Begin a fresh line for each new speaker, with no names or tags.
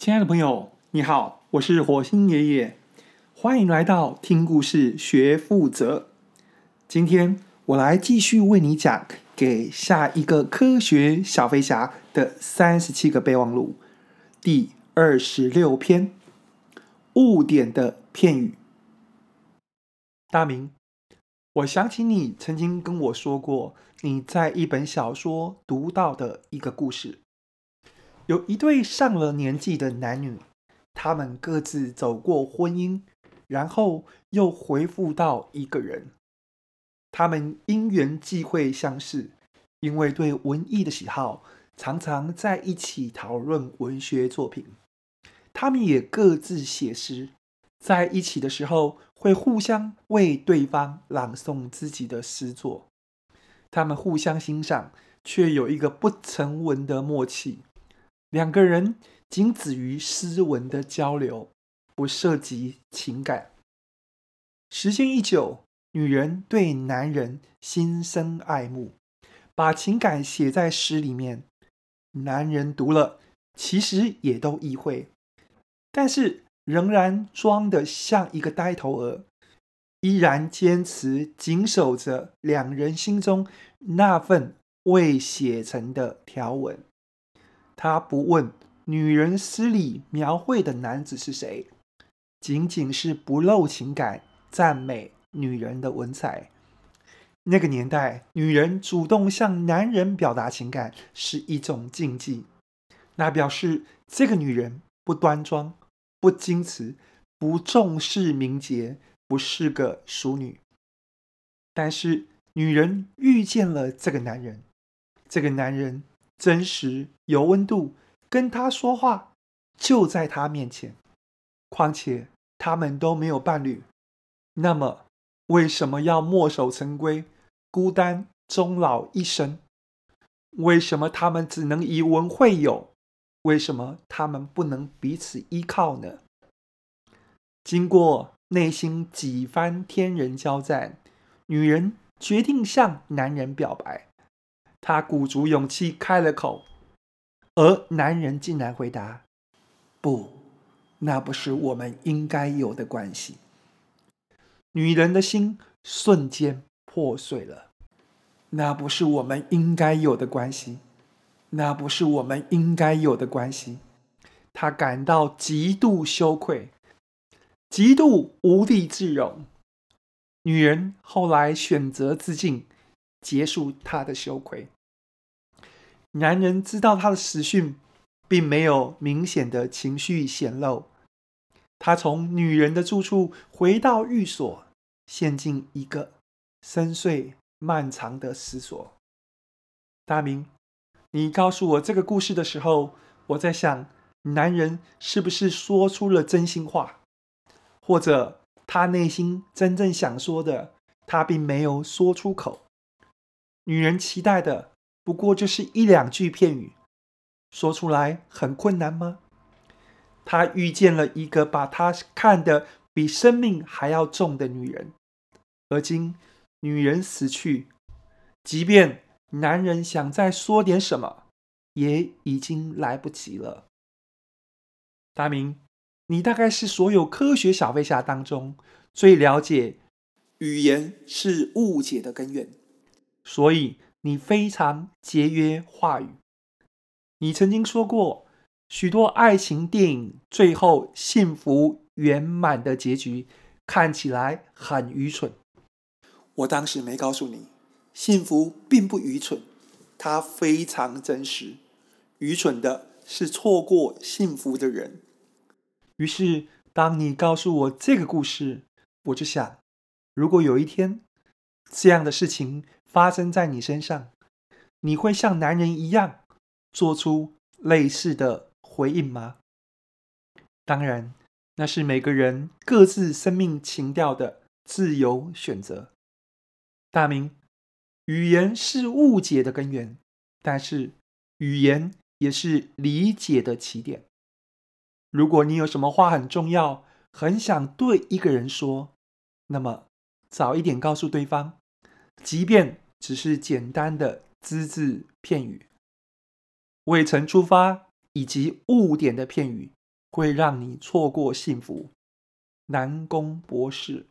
親愛的朋友，你好，我是火星爺爺，歡迎來到聽故事學富擇。今天我來繼續為你講給下一個科學小飛俠的三十七個備忘錄，第二十六篇誤點的片語。大明，我想起你曾經跟我說過你在一本小說讀到的一個故事。有一對上了年紀的男女，他們各自走過婚姻，然後又恢復到一個人。他們因緣際會相識，因為對文藝的喜好，常常在一起討論文學作品。他們也各自寫詩，在一起的時候會互相為對方朗誦自己的詩作。他們互相欣賞，卻有一個不成文的默契。兩個人僅止於詩文的交流，不涉及情感。時間一久，女人對男人心生愛慕，把情感寫在詩裡面。男人讀了，其實也都意會，但是仍然裝得像一個呆頭鵝，依然堅持謹守着兩人心中那份未寫成的條文。他不問女人詩裡描繪的男子是誰，僅僅是不露情感，讚美女人的文采。那個年代，女人主動向男人表達情感是一種禁忌，那表示這個女人不端莊、不矜持、不重視名節，不是個淑女。但是，女人遇見了這個男人，這個男人。真實有溫度，跟他說話就在他面前。況且他們都沒有伴侶，那麼為什麼要墨守成規，孤單終老一生？為什麼他們只能以文會友？為什麼他們不能彼此依靠呢？經過內心幾番天人交戰，女人決定向男人表白。他鼓足勇氣開了口，而男人竟然回答：“不，那不是我們應該有的關係。”女人的心瞬間破碎了。那不是我們應該有的關係，那不是我們應該有的關係。她感到極度羞愧，極度無地自容。女人後來選擇自盡。結束他的羞愧。男人知道他的死訊，並沒有明顯的情緒顯露。他從女人的住處回到寓所，陷進一個深邃漫長的思索。大明，你告訴我這個故事的時候，我在想，男人是不是說出了真心話？或者他內心真正想說的，他並沒有說出口。女人期待的不過就是一兩句片語，說出來很困難嗎？他遇見了一個把他看得比生命還要重的女人，而今女人死去，即便男人想再說點什麼，也已經來不及了。大明，你大概是所有科學小飛俠當中最了解語言是誤解的根源。所以你非常節約話語。你曾經說過，許多愛情電影最後幸福圓滿的結局看起來很愚蠢。我當時沒告訴你，幸福並不愚蠢，它非常真實。愚蠢的是錯過幸福的人。於是，當你告訴我這個故事，我就想，如果有一天這樣的事情。發生在你身上，你會像男人一樣做出類似的回應嗎？當然，那是每個人各自生命情調的自由選擇。大明，語言是誤解的根源，但是語言也是理解的起點。如果你有什麼話很重要，很想對一個人說，那麼早一點告訴對方，即便。只是簡單的隻字片語，未曾出發以及誤點的片語，會讓你錯過幸福。南宮博士。